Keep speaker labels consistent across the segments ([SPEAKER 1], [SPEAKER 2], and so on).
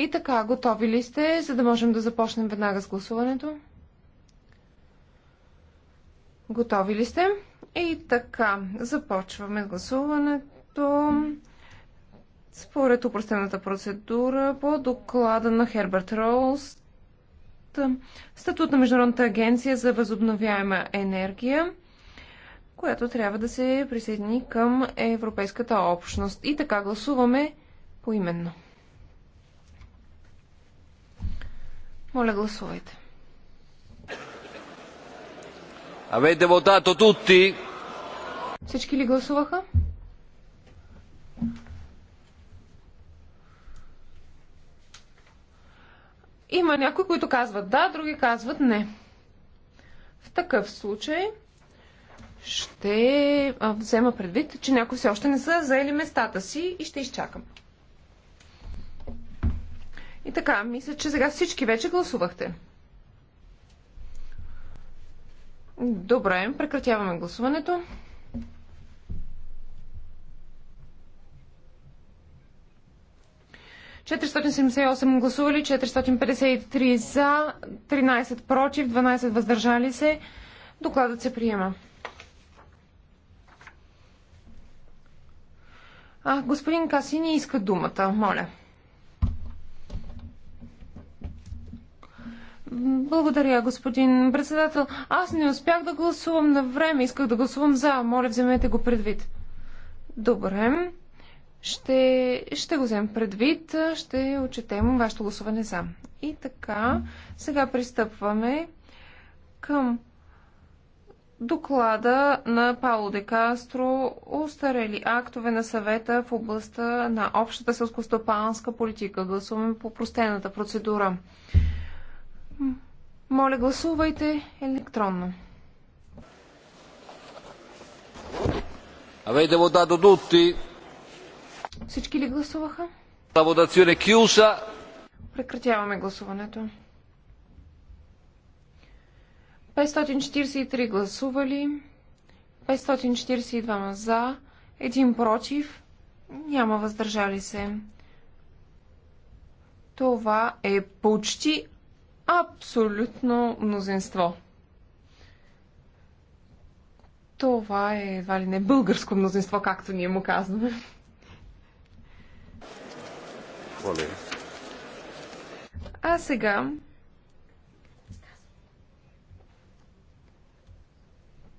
[SPEAKER 1] И така, готови ли сте, за да можем да започнем веднага с гласуването? Готови ли сте? И така, започваме гласуването според упростената процедура по доклада на Херберт Роуз статут на Международната агенция за възобновяема енергия, която трябва да се присъедини към Европейската общност. И така гласуваме поименно. Моля, гласувайте.
[SPEAKER 2] Авете вотато тутти.
[SPEAKER 1] Всички ли гласуваха? Има някои, които казват да, други казват не. В такъв случай ще взема предвид, че някои все още не са заели местата си и ще изчакам. И така, мисля, че сега всички вече гласувахте. Добре, прекратяваме гласуването. ...478 гласували, 453 за, 13 против, 12 въздържали се. Докладът се приема. А, господин Касини иска думата, моля. Благодаря, господин председател. Аз не успях да гласувам на време. Исках да гласувам за. Моля, вземете го предвид. Добре. Ще, ще го вземем предвид. Ще отчетем вашето гласуване за. И така, сега пристъпваме към доклада на Пауло де Кастро устарели актове на съвета в областта на общата селскостопанска политика. Гласуваме по простената процедура. Моля, гласувайте електронно.
[SPEAKER 2] Avete votato tutti?
[SPEAKER 1] Всички ли гласуваха?
[SPEAKER 2] La votazione chiusa.
[SPEAKER 1] Прекратяваме гласуването. 543 гласували, 542 за, Един против, няма въздържали се. Това е почти абсолютно мнозинство. Това е едва ли не българско мнозинство, както ние му казваме. А сега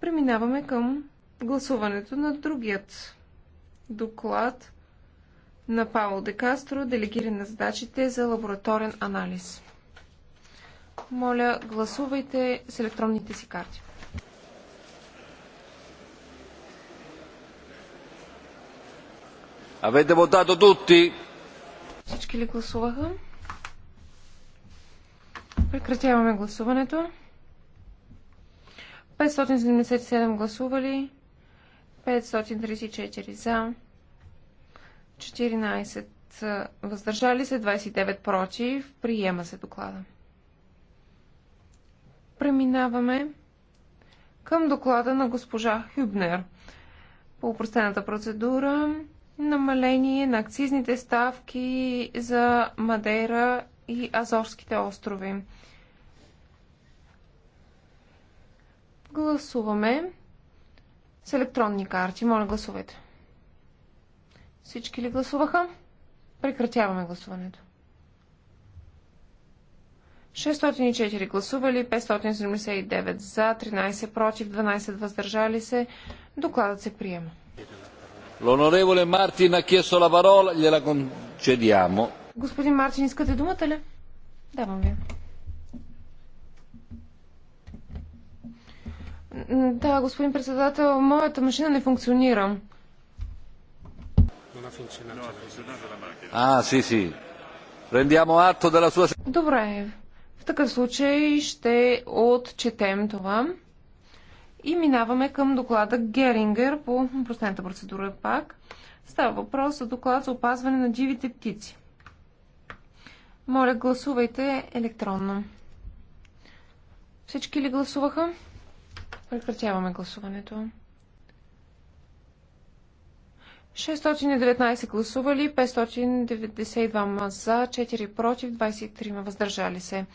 [SPEAKER 1] преминаваме към гласуването на другият доклад на Павло Декастро, делегиране на задачите за лабораторен анализ. Моля, гласувайте с електронните си карти.
[SPEAKER 2] Avete votato tutti?
[SPEAKER 1] Всички ли гласуваха? Прекратяваме гласуването. 577 гласували, 534 за, 14 въздържали се, 29 против. Приема се доклада преминаваме към доклада на госпожа Хюбнер. По упростената процедура намаление на акцизните ставки за Мадейра и Азорските острови. Гласуваме с електронни карти. Моля, гласувайте. Всички ли гласуваха? Прекратяваме гласуването. 604 гласували, 579 за, 13 против, 12 въздържали се. Докладът се приема.
[SPEAKER 2] Лонореволе Мартин ha chiesto la parola, gliela concediamo.
[SPEAKER 1] Господин Мартин, искате думата ли? Давам ви. Да, господин председател, моята машина не функционира.
[SPEAKER 2] А, си, си. Prendiamo atto della sua...
[SPEAKER 1] Добре, в такъв случай ще отчетем това. И минаваме към доклада Герингер по простената процедура пак. Става въпрос за доклад за опазване на дивите птици. Моля, гласувайте електронно. Всички ли гласуваха? Прекратяваме гласуването. 619 гласували, 592 за, 4 против, 23 въздържали се.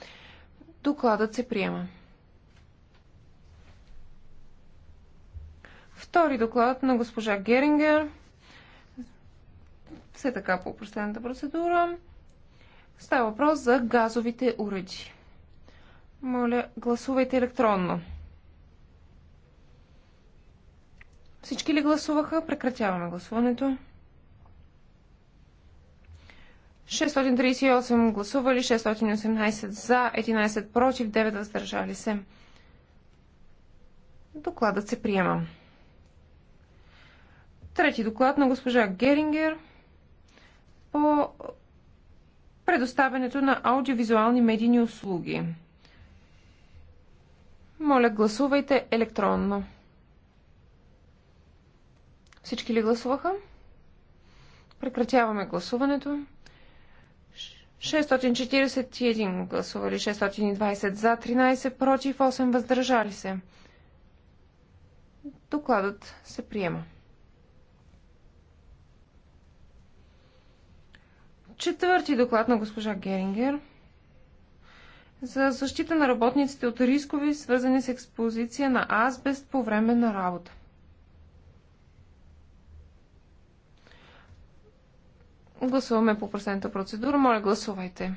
[SPEAKER 1] Докладът се приема. Втори доклад на госпожа Герингер. Все така по последната процедура. Става въпрос за газовите уреди. Моля, гласувайте електронно. Всички ли гласуваха? Прекратяваме гласуването. 638 гласували, 618 за, 11 против, 9 въздържали се. Докладът се приема. Трети доклад на госпожа Герингер по предоставянето на аудиовизуални медийни услуги. Моля, гласувайте електронно. Всички ли гласуваха? Прекратяваме гласуването. 641 гласували, 620 за, 13 против, 8 въздържали се. Докладът се приема. Четвърти доклад на госпожа Герингер за защита на работниците от рискови, свързани с експозиция на азбест по време на работа. Гласуваме по процента процедура. Моля, гласувайте.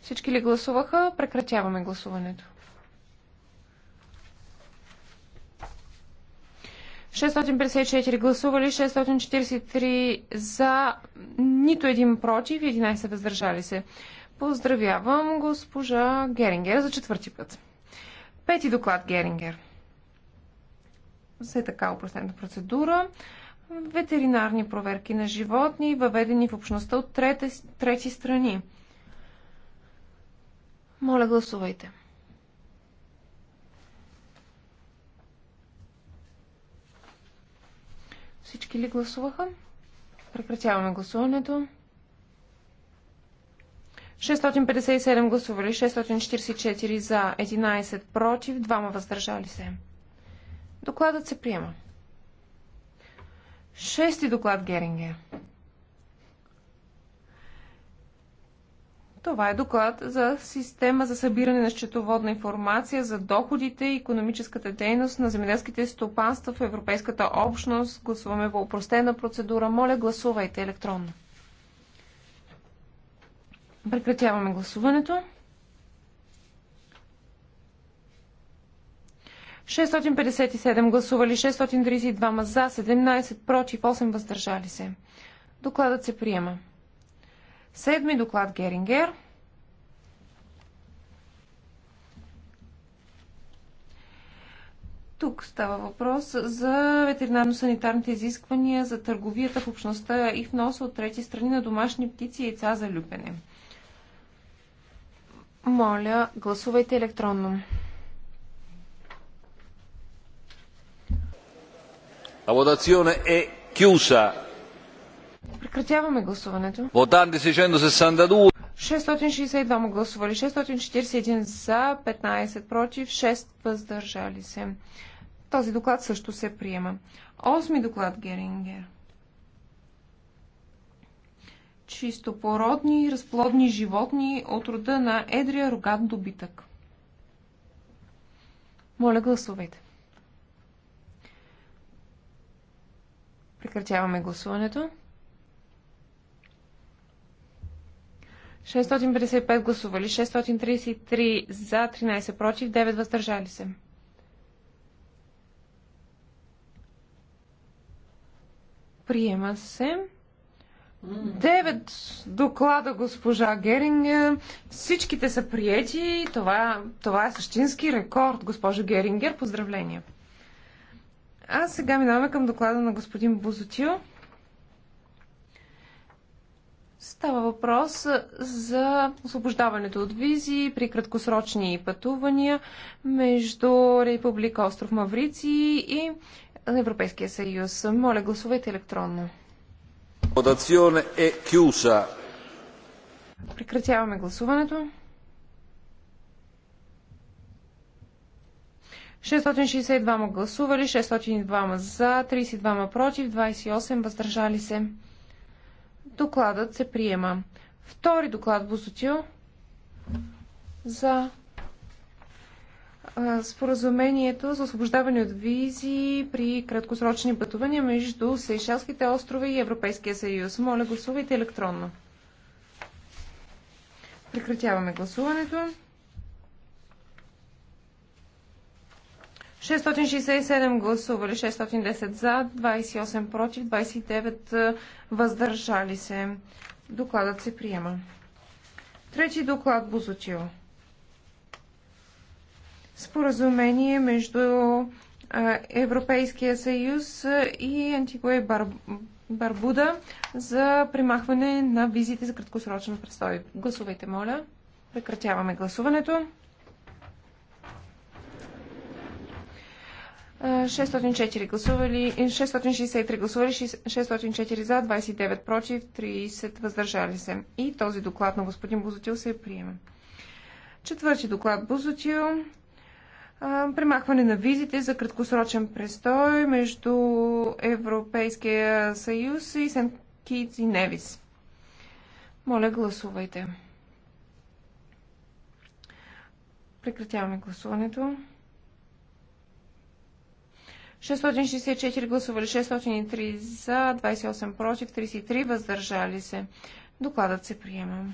[SPEAKER 1] Всички ли гласуваха? Прекратяваме гласуването. 654 гласували, 643 за, нито един против, 11 въздържали се. Поздравявам госпожа Герингер за четвърти път. Пети доклад Герингер. За така упростената процедура ветеринарни проверки на животни, въведени в общността от трети, трети страни. Моля, гласувайте. Всички ли гласуваха? Прекратяваме гласуването. 657 гласували, 644 за, 11 против, 2 въздържали се. Докладът се приема. Шести доклад Геринге. Това е доклад за система за събиране на счетоводна информация за доходите и економическата дейност на земеделските стопанства в Европейската общност. Гласуваме по упростена процедура. Моля, гласувайте електронно. Прекратяваме гласуването. 657 гласували, 632 за, 17 против, 8 въздържали се. Докладът се приема. Седми доклад Герингер. Тук става въпрос за ветеринарно-санитарните изисквания за търговията в общността и вноса от трети страни на домашни птици и яйца за люпене. Моля, гласувайте електронно.
[SPEAKER 2] La votazione è chiusa.
[SPEAKER 1] Прекратяваме гласуването.
[SPEAKER 2] Votanti 662.
[SPEAKER 1] 662 гласували, 641 за, 15 против, 6 въздържали се. Този доклад също се приема. Осми доклад Герингер. Чистопородни и разплодни животни от рода на едрия рогат добитък. Моля, гласувайте. Прекратяваме гласуването. 655 гласували, 633 за, 13 против, 9 въздържали се. Приема се. Девет доклада госпожа Герингер. Всичките са приети. Това, това е същински рекорд, госпожо Герингер. Поздравления! А сега минаваме към доклада на господин Бузотио. Става въпрос за освобождаването от визи при краткосрочни пътувания между Република Остров Маврици и Европейския съюз. Моля, гласувайте електронно. Прекратяваме гласуването. 662 гласували, 602 за, 32 против, 28 въздържали се. Докладът се приема. Втори доклад Бозотил за споразумението за освобождаване от визи при краткосрочни пътувания между Сейшалските острови и Европейския съюз. Моля, гласувайте електронно. Прекратяваме гласуването. 667 гласували, 610 за, 28 против, 29 е, въздържали се. Докладът се приема. Трети доклад Бузотил. Споразумение между е, Европейския съюз и Антигуа и Бар... Барбуда за примахване на визите за краткосрочен престой. Гласувайте, моля. Прекратяваме гласуването. 604 гласували, 663 гласували, 604 за, 29 против, 30 въздържали се. И този доклад на господин Бузотил се е приема. Четвърти доклад Бузотил. Премахване на визите за краткосрочен престой между Европейския съюз и Сент Китс и Невис. Моля, гласувайте. Прекратяваме гласуването. 664 гласували, 603 за, 28 против, 33 въздържали се. Докладът се приема.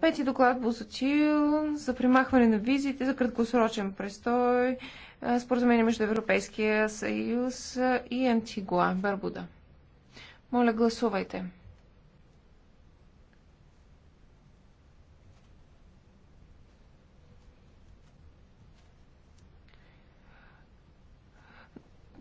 [SPEAKER 1] Пети доклад Бозатил за примахване на визите за краткосрочен престой, споразумение между Европейския съюз и Антигуа, Барбуда. Моля, гласувайте.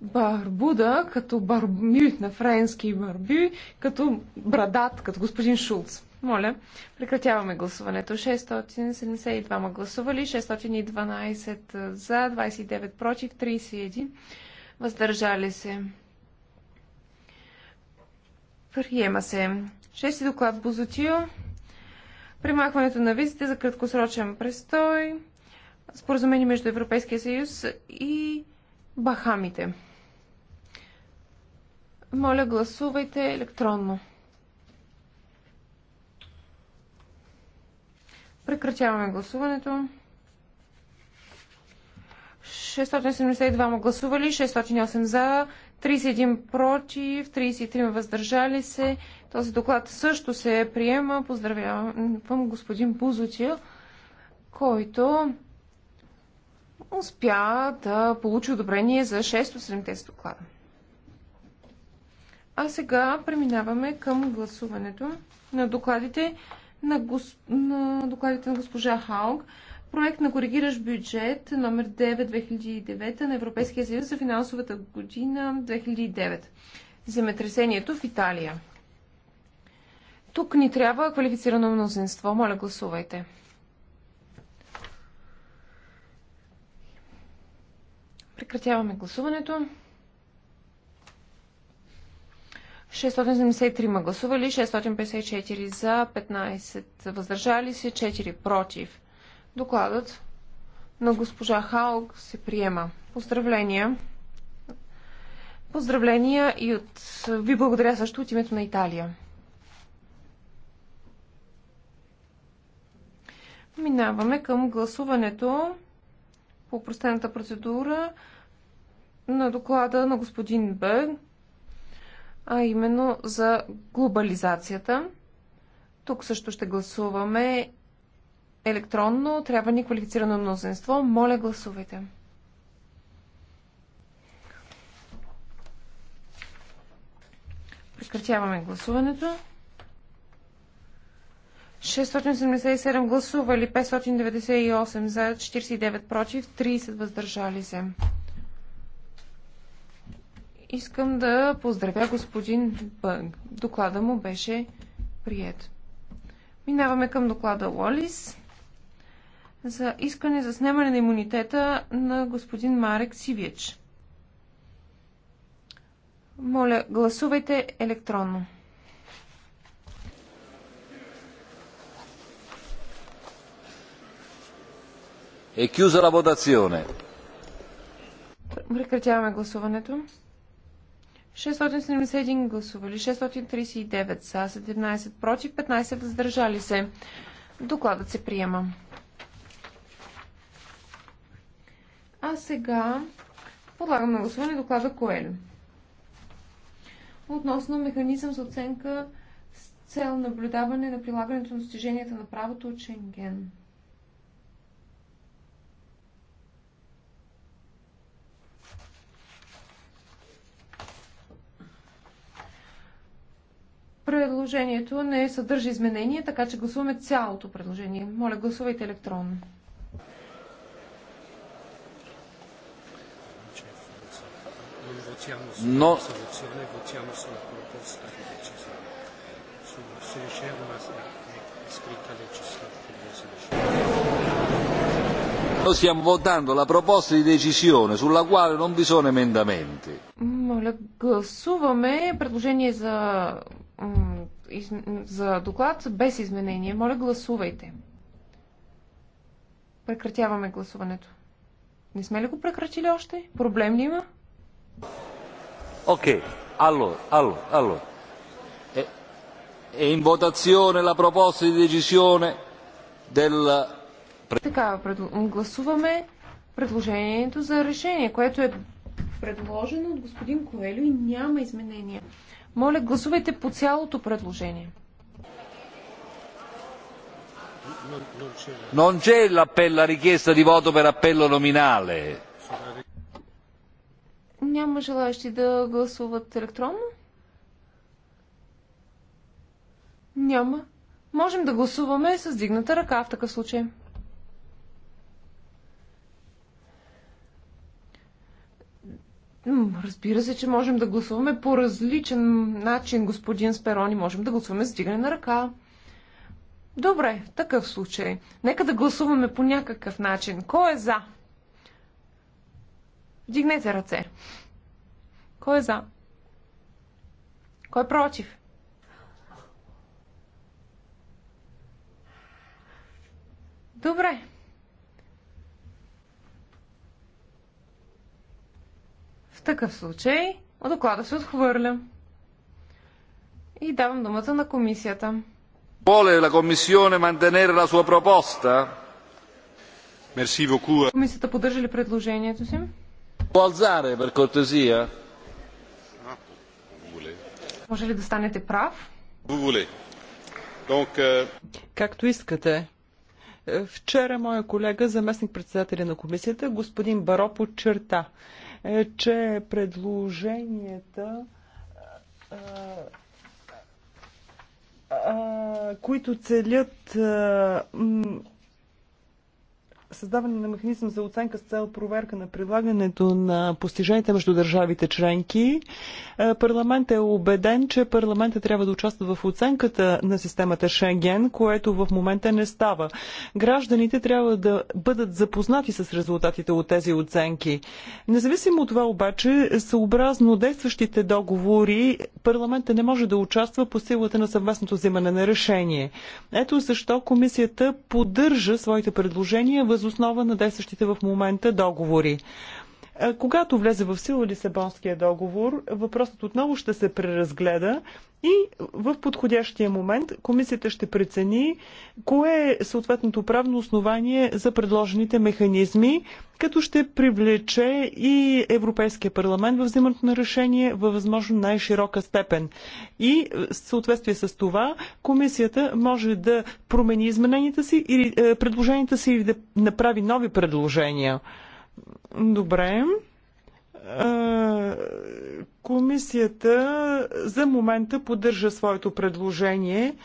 [SPEAKER 1] Барбуда, като Барби на френски Барби, като брадат, като господин Шулц. Моля, прекратяваме гласуването. 672 гласували, 612 за, 29 против, 31 въздържали се. Приема се. Шести доклад Бозотио. Примахването на визите за краткосрочен престой. Споразумение между Европейския съюз и Бахамите. Моля, гласувайте електронно. Прекратяваме гласуването. 672 гласували, 608 за, 31 против, 33 въздържали се. Този доклад също се приема. Поздравявам господин Бузотия, който успя да получи одобрение за 6 от 7 доклада. А сега преминаваме към гласуването на докладите на, гос... на докладите на госпожа Хаук. Проект на коригиращ бюджет номер 9-2009 на Европейския съюз за финансовата година 2009. Земетресението в Италия. Тук ни трябва квалифицирано мнозинство. Моля, гласувайте. Прекратяваме гласуването. 673 гласували, 654 за, 15 въздържали се, 4 против. Докладът на госпожа Хаук се приема. Поздравления! Поздравления и от... ви благодаря също от името на Италия. Минаваме към гласуването по простената процедура на доклада на господин Бъг а именно за глобализацията. Тук също ще гласуваме електронно. Трябва ни квалифицирано мнозинство. Моля, гласувайте. Прекратяваме гласуването. 677 гласували, 598 за, 49 против, 30 въздържали се. Искам да поздравя господин Бънг. Доклада му беше прият. Минаваме към доклада Лолис за искане за снемане на имунитета на господин Марек Сивич. Моля, гласувайте електронно.
[SPEAKER 2] Е chiusa la
[SPEAKER 1] Прекратяваме гласуването. 671 гласували, 639 са, 17 против, 15 въздържали се. Докладът се приема. А сега подлагам на гласуване доклада Коелю. Относно механизъм за оценка с цел наблюдаване на прилагането на достиженията на правото от Шенген. Предложението не съдържа изменения, така че гласуваме цялото предложение. Моля, гласувайте електронно.
[SPEAKER 2] Но... Noi stiamo votando la proposta di decisione sulla quale non vi sono emendamenti.
[SPEAKER 1] Моля, гласуваме предложение за за доклад без изменение. Моля, гласувайте. Прекратяваме гласуването. Не сме ли го прекратили още? Проблем ли има?
[SPEAKER 2] Окей. Okay. алло, алло. Е È, е è in votazione la proposta di decisione del...
[SPEAKER 1] Така, гласуваме предложението за решение, което е предложено от господин Коелю и няма изменения. Моля, гласувайте по цялото предложение.
[SPEAKER 2] Non c'è a richiesta di voto per appello nominale.
[SPEAKER 1] Няма желаящи да гласуват електронно? Няма. Можем да гласуваме с дигната ръка в такъв случай. Разбира се, че можем да гласуваме по различен начин, господин Сперони. Можем да гласуваме с дигане на ръка. Добре, в такъв случай. Нека да гласуваме по някакъв начин. Кой е за? Дигнете ръце. Кой е за? Кой е против? Добре. такъв случай доклада се отхвърля. И давам думата на комисията.
[SPEAKER 2] Воле la Commissione mantenere la sua proposta? Merci beaucoup. Комисията поддържа ли
[SPEAKER 1] предложението си?
[SPEAKER 2] Può per cortesia?
[SPEAKER 1] Може ли да станете прав?
[SPEAKER 3] Euh, Както искате. Вчера моя колега, заместник председателя на комисията, господин Баро, подчерта, е, че предложенията които целят създаване на механизъм за оценка с цел проверка на прилагането на постиженията между държавите членки. Е, парламент е убеден, че парламентът трябва да участва в оценката на системата Шенген, което в момента не става. Гражданите трябва да бъдат запознати с резултатите от тези оценки. Независимо от това обаче, съобразно действащите договори, парламентът не може да участва по силата на съвместното взимане на решение. Ето защо комисията поддържа своите предложения въз Основа на действащите в момента договори. Е, когато влезе в сила Лисабонския договор, въпросът отново ще се преразгледа и в подходящия момент комисията ще прецени кое е съответното правно основание за предложените механизми, като ще привлече и Европейския парламент в взимането на решение във възможно най-широка степен. И в съответствие с това комисията може да промени измененията си или е, предложенията си или да направи нови предложения. Добре. Комисията за момента поддържа своето предложение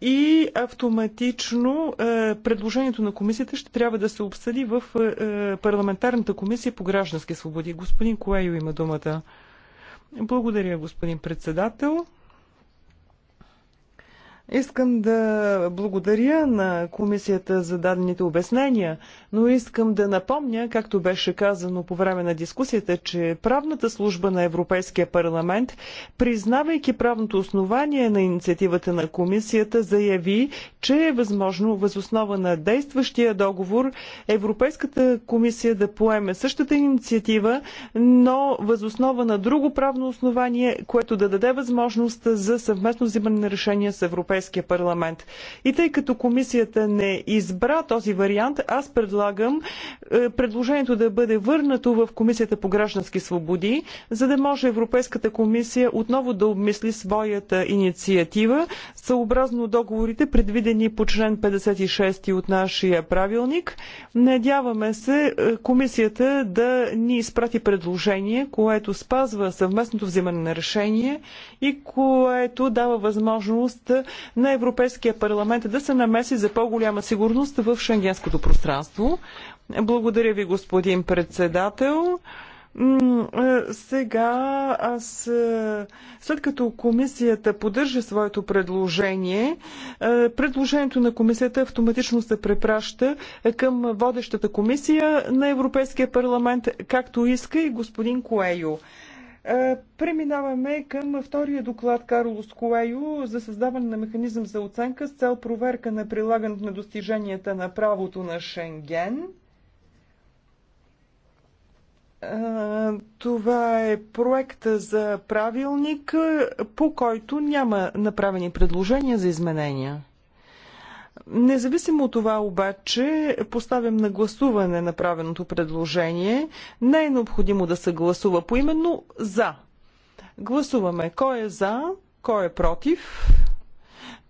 [SPEAKER 3] и автоматично предложението на комисията ще трябва да се обсъди в парламентарната комисия по граждански свободи. Господин Коею има думата. Благодаря, господин председател. Искам да благодаря на комисията за дадените обяснения, но искам да напомня, както беше казано по време на дискусията, че правната служба на Европейския парламент, признавайки правното основание на инициативата на комисията, заяви, че е възможно възоснова на действащия договор Европейската комисия да поеме същата инициатива, но възоснова на друго правно основание, което да даде възможност за съвместно взимане на решения с Европейския Европейския парламент. И тъй като комисията не избра този вариант, аз предлагам е, предложението да бъде върнато в Комисията по граждански свободи, за да може Европейската комисия отново да обмисли своята инициатива съобразно договорите, предвидени по член 56 от нашия правилник. Надяваме се е, комисията да ни изпрати предложение, което спазва съвместното взимане на решение и което дава възможност на Европейския парламент да се намеси за по-голяма сигурност в шенгенското пространство. Благодаря ви, господин председател. Сега аз, след като комисията поддържа своето предложение, предложението на комисията автоматично се препраща към водещата комисия на Европейския парламент, както иска и господин Коейо. Е, преминаваме към втория доклад Карлос Коейо за създаване на механизъм за оценка с цел проверка на прилагането на достиженията на правото на Шенген. Е, това е проект за правилник, по който няма направени предложения за изменения. Независимо от това обаче, поставям на гласуване направеното предложение. Не е необходимо да се гласува поименно за. Гласуваме кой е за, кой е против,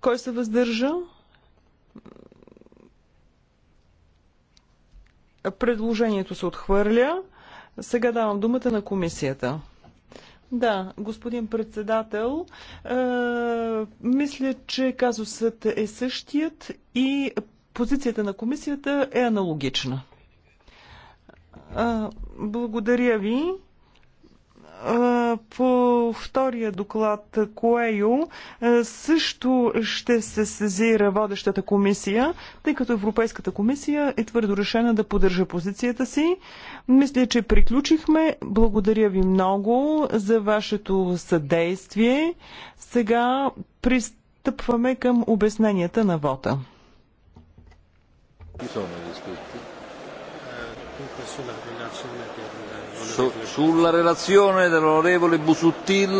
[SPEAKER 3] кой се въздържа. Предложението се отхвърля. Сега давам думата на комисията. Да, господин председател, е, мисля, че казусът е същият и позицията на комисията е аналогична. Е, благодаря ви. По втория доклад Коейо също ще се сезира водещата комисия, тъй като Европейската комисия е твърдо решена да поддържа позицията си. Мисля, че приключихме. Благодаря ви много за вашето съдействие. Сега пристъпваме към обясненията на вота.
[SPEAKER 2] Eh, dunque sulla relazione dell'onorevole Busuttil